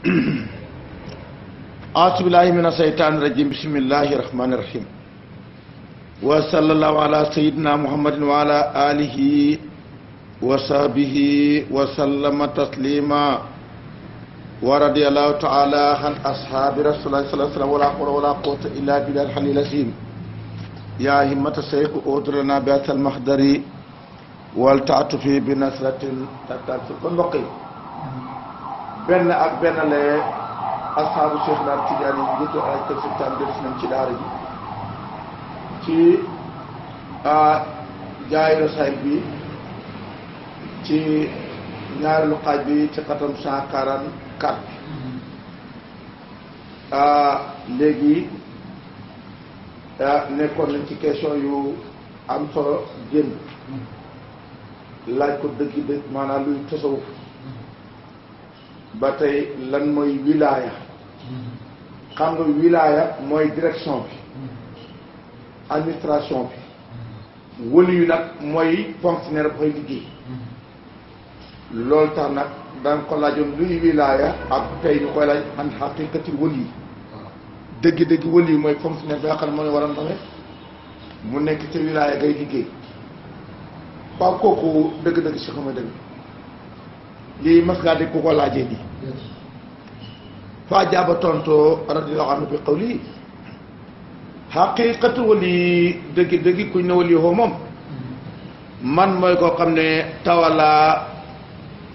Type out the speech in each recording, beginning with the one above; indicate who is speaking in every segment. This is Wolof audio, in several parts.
Speaker 1: أعوذ بالله من الشيطان الرجيم بسم الله الرحمن الرحيم وصلى الله على سيدنا محمد وعلى آله وصحبه وسلم تسليما ورضي الله تعالى عن أصحاب رسول الله صلى الله عليه وسلم ولا حول ولا قوة إلا بالله الحلي العظيم يا همة الشيخ أدرنا بأس المحضر والتعطف بنصرة تتعطف بقي benn ak benn lee asxaabu Cheikh Naar Tijaan yi ñu ay kër ci daara ji ci jaayiro sayt bi ci ñaareelu xaaj bi ci xatam cent quarante quatre bi léegi nekkoon nañ ci question yu am solo génn laaj ko dëgg dëgg maanaam luy tasawuf ba tey lan mooy wilaaya xam nga wilaaya mooy direction bi administration bi wëli yu nag mooy fonctionnaire ba koy liggéey loolu tax nag danga ko laajoon luy wilaaya ak tey ñu koy laaj an xaqiqati wëli yi dëgg-dëgg wëli mooy fonctionnaire bi nga xam ne moo ne war a mu nekk ci wilaaya ngay liggéey waaw dëgg-dëgg si xam nga dëgg li mas ngaa dégg ku ko laajee di fa jaaba tontoo radiyallahu anhu bi qawli xaqiqatu wali dëggi dëggi kuñ ne wali hoo man mooy koo xam ne tawala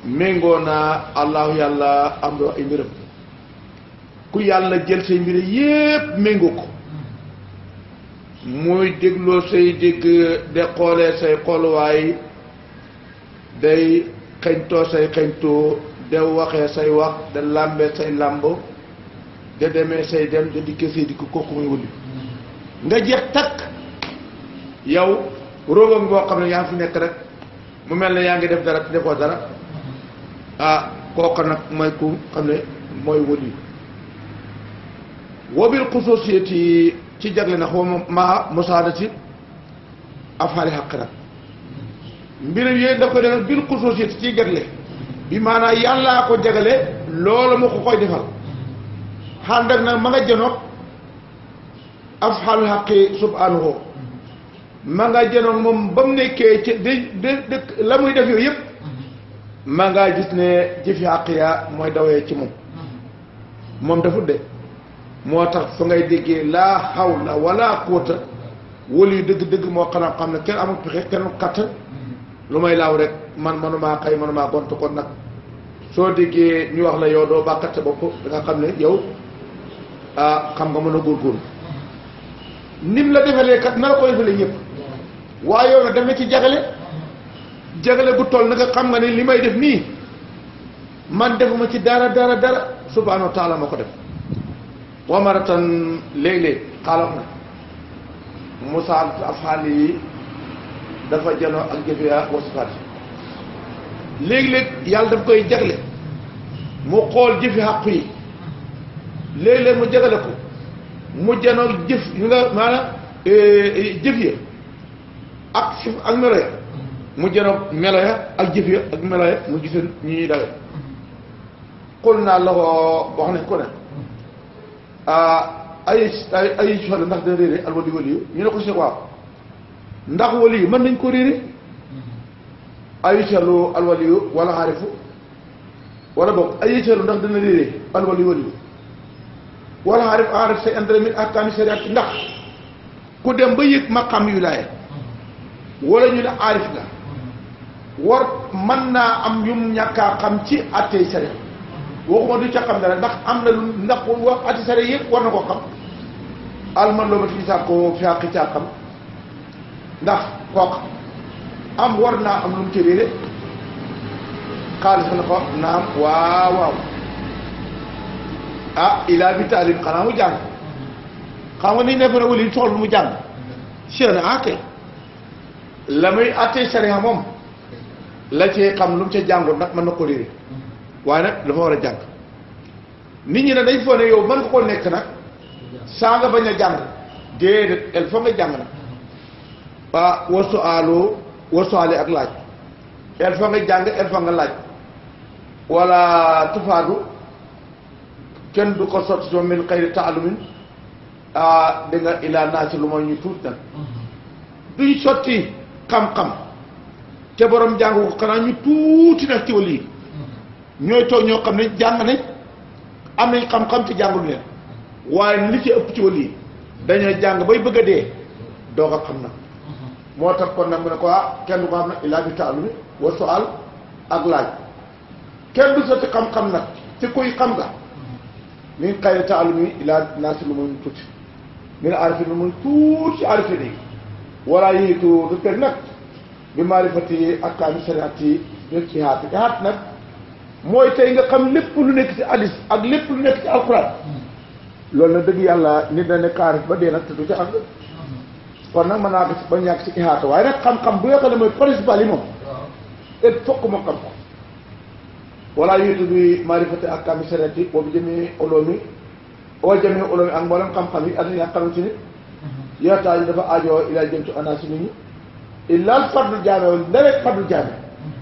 Speaker 1: méngoo naa allahu yàlla am doo ay mbiram ku yàlla jël say mbir yépp méngoo ko muy dégloo say dégg de xoolee say xooluwaay day xëñtoo say xëñtoo de waxee say wax de làmbee say làmb de demee say dem de dikkee say dikk kooku muy wëli nga jeex takk yow roogam boo xam ne yaa ngi mu mel ne yaa ngi def dara te defoo dara ah kooka nag mooy ku xam ne mooy wëli wobil xusuusiyati ci jagle na xaw ma maa musaadati afaali xaq nag mbiram yooyu daf ko defal bil xusuusiyati ci jagle bi maanaam yàllaa ko jagale loolu moo ko koy defal xànd ak nag ma nga jënoog afxalu xaqi subhanahu ma nga jënoog moom ba mu nekkee ci di di dëkk la muy def yooyu yëpp ma ngaa gis ne jëfi xaq yaa mooy dawee ci moom moom dafa de moo tax fa ngay déggee laa hawla wala quwwata wólu yu dëgg-dëgg moo xanaa xam ne kenn amul pexe kenn kattan lu may laaw rek man manumaa xëy manumaa gont kon nag soo déggee ñu wax la yow doo bàkkat sa bopp da nga xam ne yow ah xam nga mën a góorgóorlu nim la defalee kat na la ko defalee ñëpp waaye yow nag dama ci jagale jagale gu toll nag a xam nga ne li may def nii man defuma ci dara dara dara subhaanahu wa ma ko def wamaratan léeg-léeg xaala wax na musaal afxaal yi dafa janoo ak jëfiya wasifaat léegi-léeg yàlla daf koy jagle mu xool jëfi xàqu yi léeg-léeg mu jagale ko mu janoo jëf yu nga maanaam jëf ya ak sif ak melo ya mu janoo melo ya ak jëf ya ak melo ya mu giseen ñu ñuy dawe xul naa la ko wax ne ko ne ay ay ay soxla ndax da réeré alwadi wali ñu ne ko si waaw ndax wali yu mën nañ ko réere ayucalu alwaliyu wala xaarifu wala boog ayucalu ndax dana réere alwaliyu waliyu wala xaarif xaarif say andra min ahkaami sariat ndax ku dem ba yëg maqam yu laay wala ñu ne aarif la war mën naa am yum ñàkkaa xam ci attey sariat waxuma du ca xam dara ndax am na lu ndax wax atti sariat yëpp war na ko xam alman loo ma fi saa ko fiàqi caa xam ndax kooku am war naa am lu mu ci réere xaalis na ko naam waaw waaw ah ilaa bi taalib xanaa mu jàng xam nga ni nekk na wali tool mu jàng seen ate ah, la muy ate sariya moom la cee xam lu ci ca jàngoon nag mën na ko réere waaye nag dafa war a jàng nit ñi ne dañ foog ne yow mën koo nekk nag saa nga bañ a jàng déedéet il faut nga jàng nag ah wasu aalu wasu ak laaj el nga jàng el nga laaj wala tufaadu kenn du ko sotti soo min xëyri taalumin ah di nga ilaa naa lu mooy ñu tuut nag duñ sotti xam-xam te borom jàng ko xanaa ñu tuuti nag ci wàll yi ñooy toog ñoo xam ne jàng nañ am nañ xam-xam te jàngul leen waaye li ci ëpp ci wàll yi dañoo jàng bay bëgg a dee doog a xam na moo tax kon nag mu ne ko ah kenn ko am na illaa bi taalumi wa sual ak laaj kenn du sotti xam-xam nag ci kuy xam nga min xayri taalumi illaa naasi lu muy tuuti min arifi lu muy tuuti ci arifi yi wala yiitu du teg nag bi maarifati ak kaami sariat yi ñun ci xaat nag mooy tey nga xam lépp lu nekk ci hadis ak lépp lu nekk ci alquran loolu nag dëgg yàlla nit na nekk arif ba dee nag te du ci àgg kon nag ma naa gis ba ñàkk ci ihaata waaye rek xam-xam bu yokka ne mooy principal yi moom et fokk moo xam ko wala yuridu bi maarifati ak kami sereti boobu jëmee uloomi wala jëmee uloomi ak mboolem xam-xam yi ak li nga xamante ni mhm. yootaa yi dafa aajoo ilaa jëm ci anaa si nit ñi illal fadlu jaame woon nga rek fadlu jaame mhm.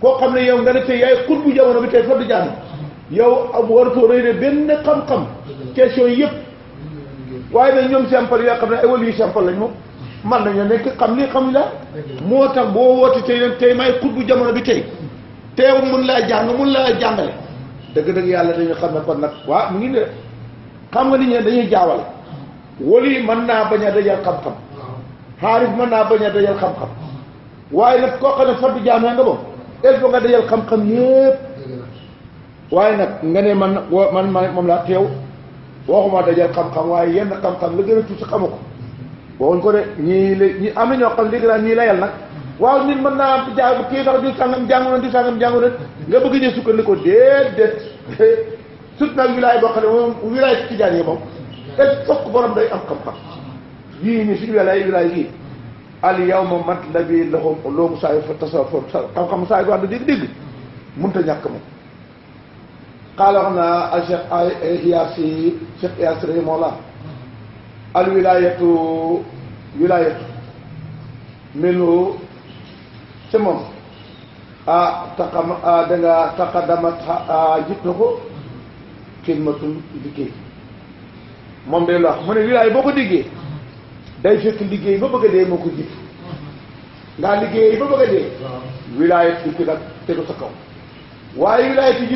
Speaker 1: koo xam ne yow nga ne tey yaay jamono bi tey fadlu jaame mhm. yow am waratoo rëy ne benn xam yëpp waaye nag ñoom simple yoo xam ne ay wàllu yu simple man nañoo nekk xam li xam la moo tax boo woote tey nag tey may bu jamono bi tey teew mun laa jàng mun laa jàngale dëgg-dëgg yàlla dañu xam ne kon nag waaw mu ngi ne xam nga nit ñi dañuy jaawale wali man naa bañ a dajal xam-xam xaaris mën naa bañ a dajal xam-xam waaye nag koo xam ne faddu jaamee nga moom waaye nag nga ne man man man moom laa teew waxuma dajal xam-xam waaye yenn xam-xam la gën a tuuti xamu ko waxuñ ko de ñii la ñi am na ñoo xam léegi daal ñii layal nag naa ja kii dara di sàngam jàngu na di sàngam jàngu na nga bëgg ñu sukkandikoo déedéet sut nag wilaay boo xam ne moom wilaay si tijaan yi moom il borom day am xam-xam yii nii suñu wilaay wilaay yii al yawma matlabi lahum loomu saa yu fa tasawuf xam-xam saa yu fa ànd dégg a ñàkk moom xaala wax naa al cheikh ay yaas yi cheikh yaas yi la al wilaayatu wilaayatu minhu ci moom a taqam a danga taqadamat a jit na ko xidmatul liggéey moom day wax mu ne wilaay boo ko déggee day fekk liggéey ba bëgg a dee moo ko jit ndaa liggéey ba bëgg dee wilaayat jiitu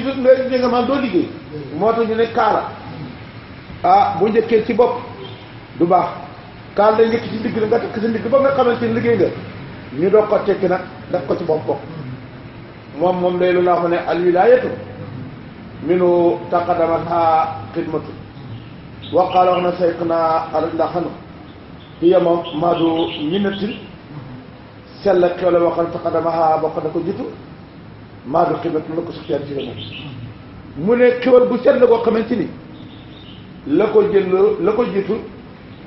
Speaker 1: nga nga maam doo liggéey moo tax ñu ne kaala bu njëkkee ci bopp du baax kaal day nekk ci ndigg na nga takk sa ndigg ba nga xamante ni liggéey nga ñu doog ko tekki daf ko ci bopp bopp moom moom day lu la xam ne al wilayatu minu taqadamataa xidmatu waqaala wax na sayq naa arak ndaa xan hiya moom maadu minnatin sell xewle waxal taqadamahaa bokk da ko jitu maadu xidmatu la ko sufian ci la mu ne xewal bu sell koo xamante ni la ko jël jitu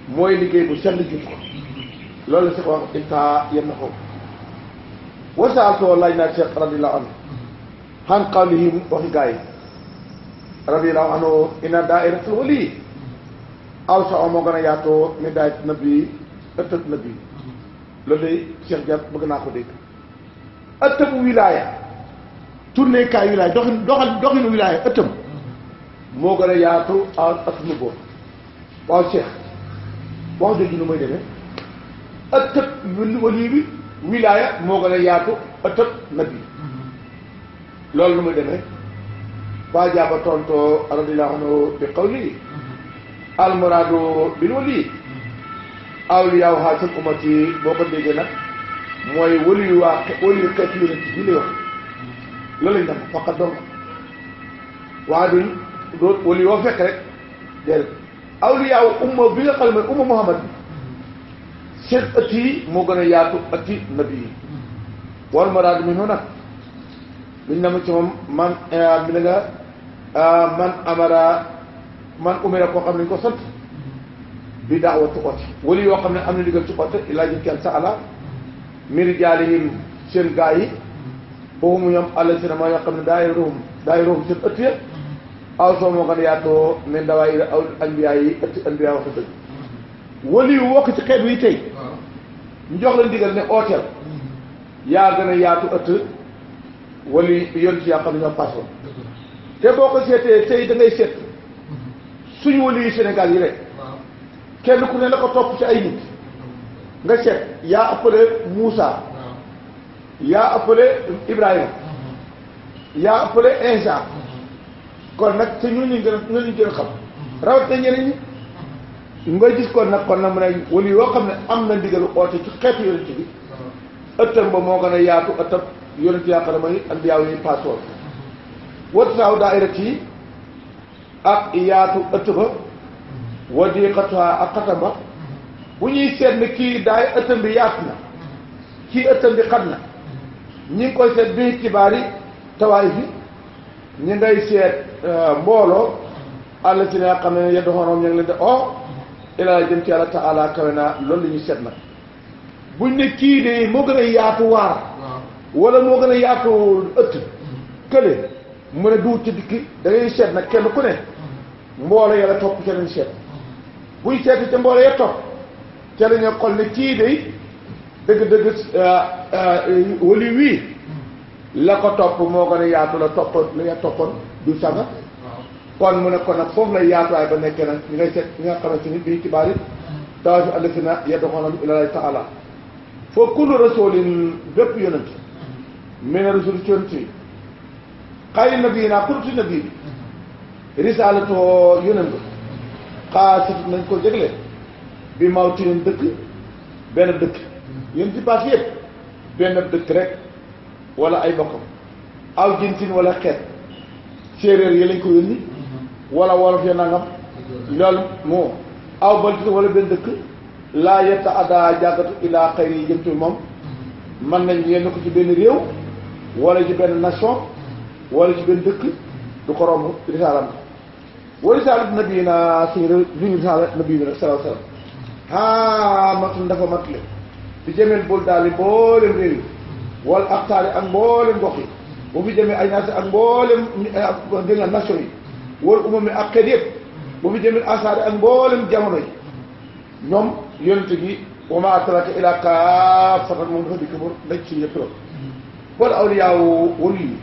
Speaker 1: mooy liggéey bu sell jur ko loolu la Cheikh wax inta yenn xaw wasaatoo laaj naa Cheikh radiallahu anhu xan qawlihi waxi gars yi anhu ina daairatul wali awsa moo gën a yaatoo mi daayit nabi ëttëb nabi loolu day Cheikh bëgg naa ko dégg ëttëbu wilaaya tourné wilaaya doxin doxal wilaaya ëttëm moo gën a yaatu ak ak nuboo waaw Cheikh wax dëgg lu may demee ëttëb wali bi wilaaya moo gën a yaatu ëttëb nabi loolu lu muy demee waa jaaba tontoo radiyallahu anhu bi qawli almuraadu bil wali awliyaaw xaa seen umati boo ko déggee nag mooy waliyu waa waliyu xeetu yonent bi lay wax loolu lañ def faqat dong waa duñ doo waliyu woo fekk rek déedéet awliyaaw umma bi nga xam ne mooy umma Muhammad seen ëtt yi moo gën a yaatu ëtti nabi yi war maraad mi nu nag liñ na ma ci moom man eh, mi na nga ah, man amara man umira koo xam ne ñu ko sant bi daawatu oote wala yoo xam ne am na digal ci oote illaa ji kenn sa ala miri jaalihim seen gaa yi foofu mu ñoom àll si na ma yoo xam ne daay room daay room seen ëtt yëpp aw soo moo gën a yaatoo min dawaayir aw anbiyaa yi ëtt anbiyaa wax dëgg wali yu wokk ci xeet wi tey ñu jox la ne ooteel yaa gën a yaatu ëtt wali yoon ci yaa xam suñu wali yu Sénégal ku ne la topp ci ay nga seet yaa appelé Moussa yaa appelé Ibrahima yaa appelé Insa kon nag te ñu gën a ñooñu gën a xam ñeneen ñi nga gis kon nag kon nag mu ne wala yoo xam ne am na ndigalu oote ci xeetu yonent bi ëttam ba moo gën a yaatu ëttam yaatu ëtt ba wa diqatuha ak xatam ba bu ñuy seet bi yaatu na kii ëttam bi xat na ñi ngi koy seet bi xibaari tawaay bi ñi ngay seet euh, mbooloo àll ci nga xam ne yeddu xorom ñu ngi leen di o ilaa jëm ci yàlla taala kawe naa loolu la seet nag buñ ne kii de moo gën a yaatu waar wala moo gën a yaatu ëtt kële mu ne duut ci dikki da seet nag kenn ku ne mbooloo yàlla topp ca lañ seet buñ seet ca mbooloo ya topp ca la ñu xool ne kii de dëgg-dëgg euh, euh, wali wii la ko topp moo gën a yaatu la toppoon du sanga kon mu ne kon nag foofu la ya ba nekkee bi ñi ngay seet ñi nga xamante ni bii kibaar it dawa fi allasina yadduxoona ilallaahi taala foo kullu rasulin bépp yonent mi ne rasul ci yonent yi xayri nabi naa kurti nabi bi risaalatoo yonent ko jégle bi mawtinin dëkk benn dëkk yéen ci paas yëpp benn dëkk rek wala ay bokkam aw jintin wala xeet séeréer yi lañ ko wala wolof ya nangam loolu moo aw baltit wala benn dëkk laa yetta adda jàggatu ilaa xayri yi jëmtul moom mën nañ yenn ko ci réew wala ci benn nation wala ci dëkk du ko romb risaalam wa risaalat si luñu risaala nabi bi nag salaam salaam haa matul dafa matule di jëmeel daal yi boo leen réew wal aqtaari ak mboolem gox yi bu fi demee ay naas ak mboolem dégg nga nation yi wal umam mi ak xeet yëpp bu fi demee asaari ak mboolem jamono yi ñoom yonent gi wa maa arsalnaaka illaa kaaffatan moom dafa dikk pour daj suñu yëpp loolu wal awliyaa wali yi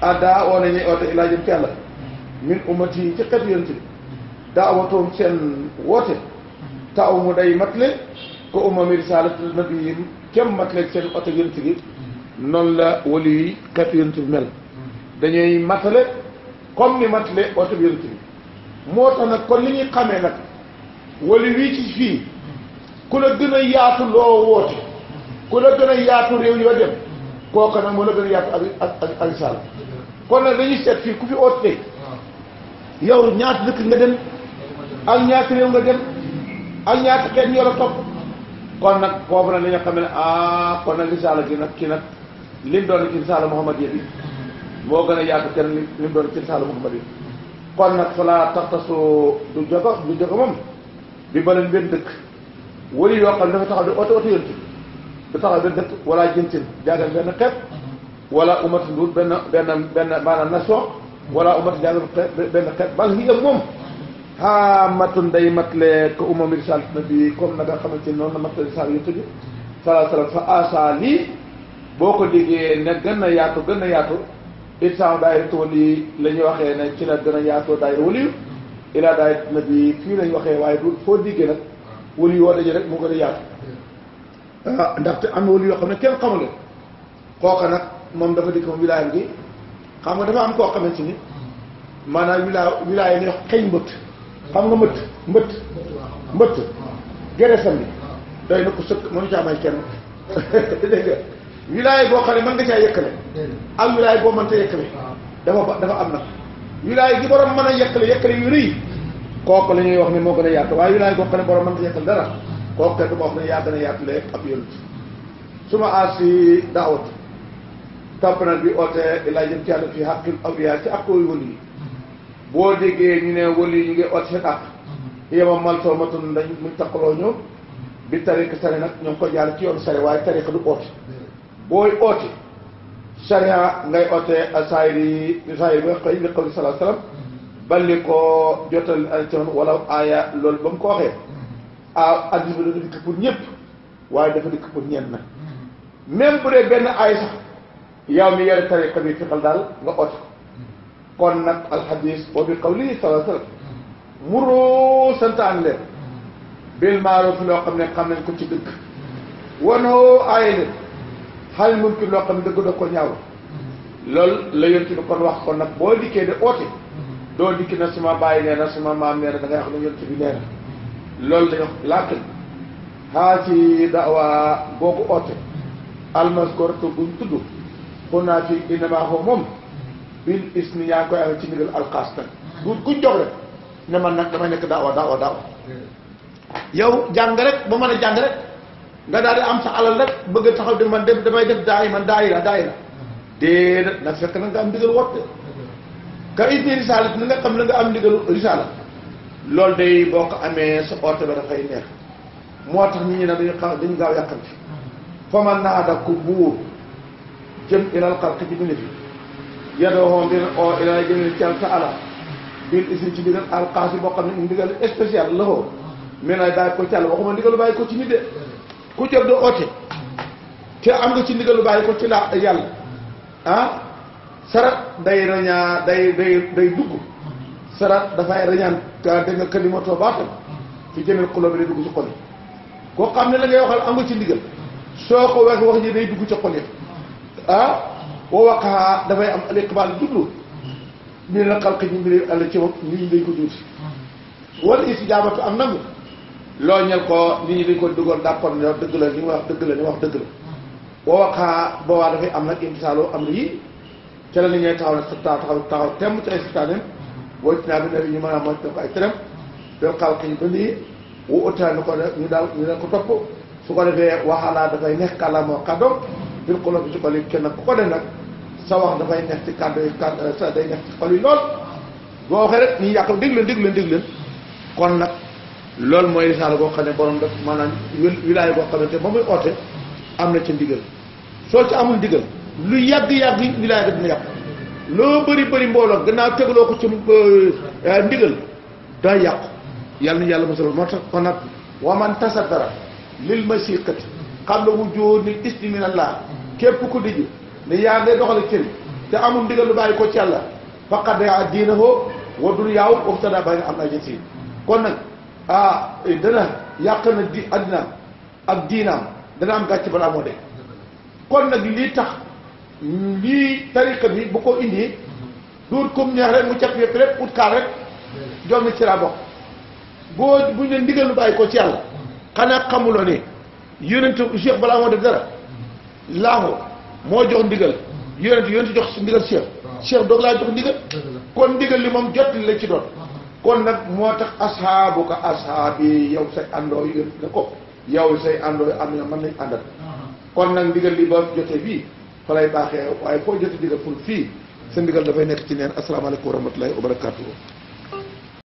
Speaker 1: addaa oo nañu oote illaa jëm ci yàlla min ummati yi ci xeet yonent bi daa awatoom seen woote taw mu day matle ko umami risalatul nabiyin kem mataleeg seen oto yonent bi noonu la wali yi kat yonent bi mel dañuy matale comme ni matale oto bi yonent bi moo tax nag kon li ñuy xamee nag wali wii ci fii ku la gën a yaatu loo woote ku la gën a yaatu réew yoo dem kooku nag moo la gën a yaatu ak ak ak kon nag dañuy seet fii ku fi oote tey yow ñaata dëkk nga dem ak ñaata réew nga dem ak ñaata xeet ñoo la topp kon nag foofu nag li nga xam ne ah kon nag risaala gi nag kii nag lim doon ci risaala Muhammad yi moo gën a yaatu kenn lim doon ci risaala Muhammad yi kon nag falaa taxtasu du jogo du jogo moom bi baleen benn dëkk wëri yoo xam ne dafa taxaw di oto oto yonti du taxaw benn dëkk wala jintin jaagal benn xeet wala umati nduut benn benn benn maanaam nation wala umati jaagal benn xeet bal hiya moom xaamatun day matale ko umam risalat nabi comme na nga xamante ni noonu la matale risaal yonent bi salaa salaam fa lii boo ko déggee ne gën na yaatu gën na yaatu it sama daayiratu wali la ñuy waxee ne ci la gën a yaatoo daayira waliyu ilaa daayiratu nabi fii lañ waxee waaye du foo déggee nag wali woo daje rek moo gën a yaatu ah, ndaxte am na wali yoo xam ne kenn xamule kooka nag moom dafa dikk moom wilaayam gi xam nga dafa am koo xamante ni maanaam wilaa wilaaya ne xëy mbët xam nga mbëtt mbëtt mbëtt gereesam bi doy na ko sëkk mënu caa may kenn dégg boo xam ne mën nga caa yëkkale ak wilaay boo mënta yëkkale ah. dafa dafa am na wilaay gi borom mën a yëkkale yëkkale yu rëy kooku la ñuy wax ne moo gën a yaatu waaye wilaay boo xam ne borom mënta yëkkale dara kooku kenn du ma wax ne yaa gën a yaatu la su ma aar daawat tampanal bi oote laay jëm ci yàlla fi xàqil awliyaa ci ak koy wëlu yi boo déggee ñu ne wali yi ñu ngi ot seen àq yema maltoo ma tun dañ mu taqaloo ñoom bi tariqa sari nag ñoo ko jaar ci yoon sari waaye tariqa du oote booy oote sariya ngay ootee saayiri saayiri ba xëy li xawli salaa salaam balli ko jotal alton wala aaya loolu ba mu ko waxee a addis bi dafa dikk pour ñëpp waaye dafa dikk pour ñenn na même bu dee benn aay sax yow mi yore tariqa bi fexal daal nga oote kon nag alxadis wa bi qawlihi sallallahu alayhi wa sallam muru santaan leen bil maaruf loo xam ne xam nañ ko ci dëgg wanoo aaye leen xal munkir loo xam ne dëgg da ko ñaaw loolu la yonent bi kon wax kon nag boo dikkee di oote doo dikki na suma bàyyi nee na suma maam nee na da wax ne yonent bi nee na loolu dañu laakin haati dawaa boo ko oote almaskoratu buñ tudd xu naa fi moom bil ismi yaa koy amee ci ndigal alxaas nag bu ku jox rek ne man nag damay nekk daawa daawa daawa yow jàng rek ba mën a jàng rek nga daal di am sa alal rek bëgg a taxaw di dem damay def daay man daay la daay la déedéet nag fekk na nga am ndigal woote ka ismi risaala ni nga xam ne nga am ndigal risaala loolu de boo ko amee sa oote ba dafay neex moo tax nit ñi nag dañu xaw dañu gaaw yàqante fa man naa ada ku buur jëm ilal xalqi ci bindi fi yadoo xoo mbir oo ilaa jëmil cal ta ala bil isri ci ndigal alxaasi boo xam ne ndigal spécial la xoo mais nag bàyyi ko ci àll waxuma ndigalu bàyyi ko ci nit de ku jóg di oote te am nga ci ndigalu bàyyi ko ci la yàlla ah sarat day rañaa day day day dugg sarat dafay rañaan ka ah, dégg nga kalimatoo baatal fi jëmel xuloo bi day dugg ci xol koo xam ne la ngay waxal am nga ci ndigal soo ko wax wax ji day dugg ci xol ah wa waqaa dafay am al iqbaal jublu min al xalqi ñu mbiri àll ci moom nit ñi dañ ko duuti wala am nangu loo ñel ko nit ñi dañ ko dëgg la ni wax dëgg la ni wax dëgg la wa waqaa boobaa dafay am nag imsaalu am yi ca la ni ngay taxaw ne taxaw taxaw temm ci ay sitaaneem boo ci naa bi nabi ñu mën a moc ko ay tëram doo xalqi ñu bindi wu utaa ni ko ñu daal ñu ne ko topp su ko defee waxalaa dafay nekk kàllaama kàddoom bil xoloo bi ci ko li kenn ku ko def nag sa wax dafay neex ci kàddu sa day neex ci xol lool boo waxee rek ñu yàqal dégg leen dégg leen dégg kon nag loolu mooy risaala boo xam ne borom def maanaam wilaaya boo xamante ba muy oote am na ci ndigal soo ci amul ndigal lu yàgg-yàgg wilaaya dina yàqu loo bëri bëri mbooloo gannaaw tegaloo ko ci eh, ndigal daa yàqu yàlla na yàlla mosal moo tax kon nag wa man tasaddara lil masiqati qabla wujuudi ismi min allah képp ku diji ne yaa ngay doxal cër te amul ndigal lu bàyyi ko ci yàlla faqad yaa diinahoo wa dunyaahu wabtadaa bayna am ajati kon nag dana yàq na di addinaam ak diinaam dana am gàcc balaa moo de kon nag lii tax lii tariqa bi bu ko indi duut comme neex rek mu cap yëpp rek ut kaar rek jom ci laa boo bu ñu ne ndigal lu bàyyi ko ci yàlla xanaa xamuloo ne yonentu Cheikh balaa moo def dara laaxoo moo jox ndigal yonent yonent jox ndigal cheikh cheikh doog laa jox ndigal kon ndigal li moom jot la ci doon kon nag moo tax ashaabu ka ashaabi yow say àndoo yén na ko yow say àndoo am na man nañ àndal kon nag ndigal li ba jotee fii fa lay baaxee waaye foo jotee ndigal pour fii sa ndigal dafay nekk ci neen asalaamaaleykum wa rahmatullahi wa barakatuhu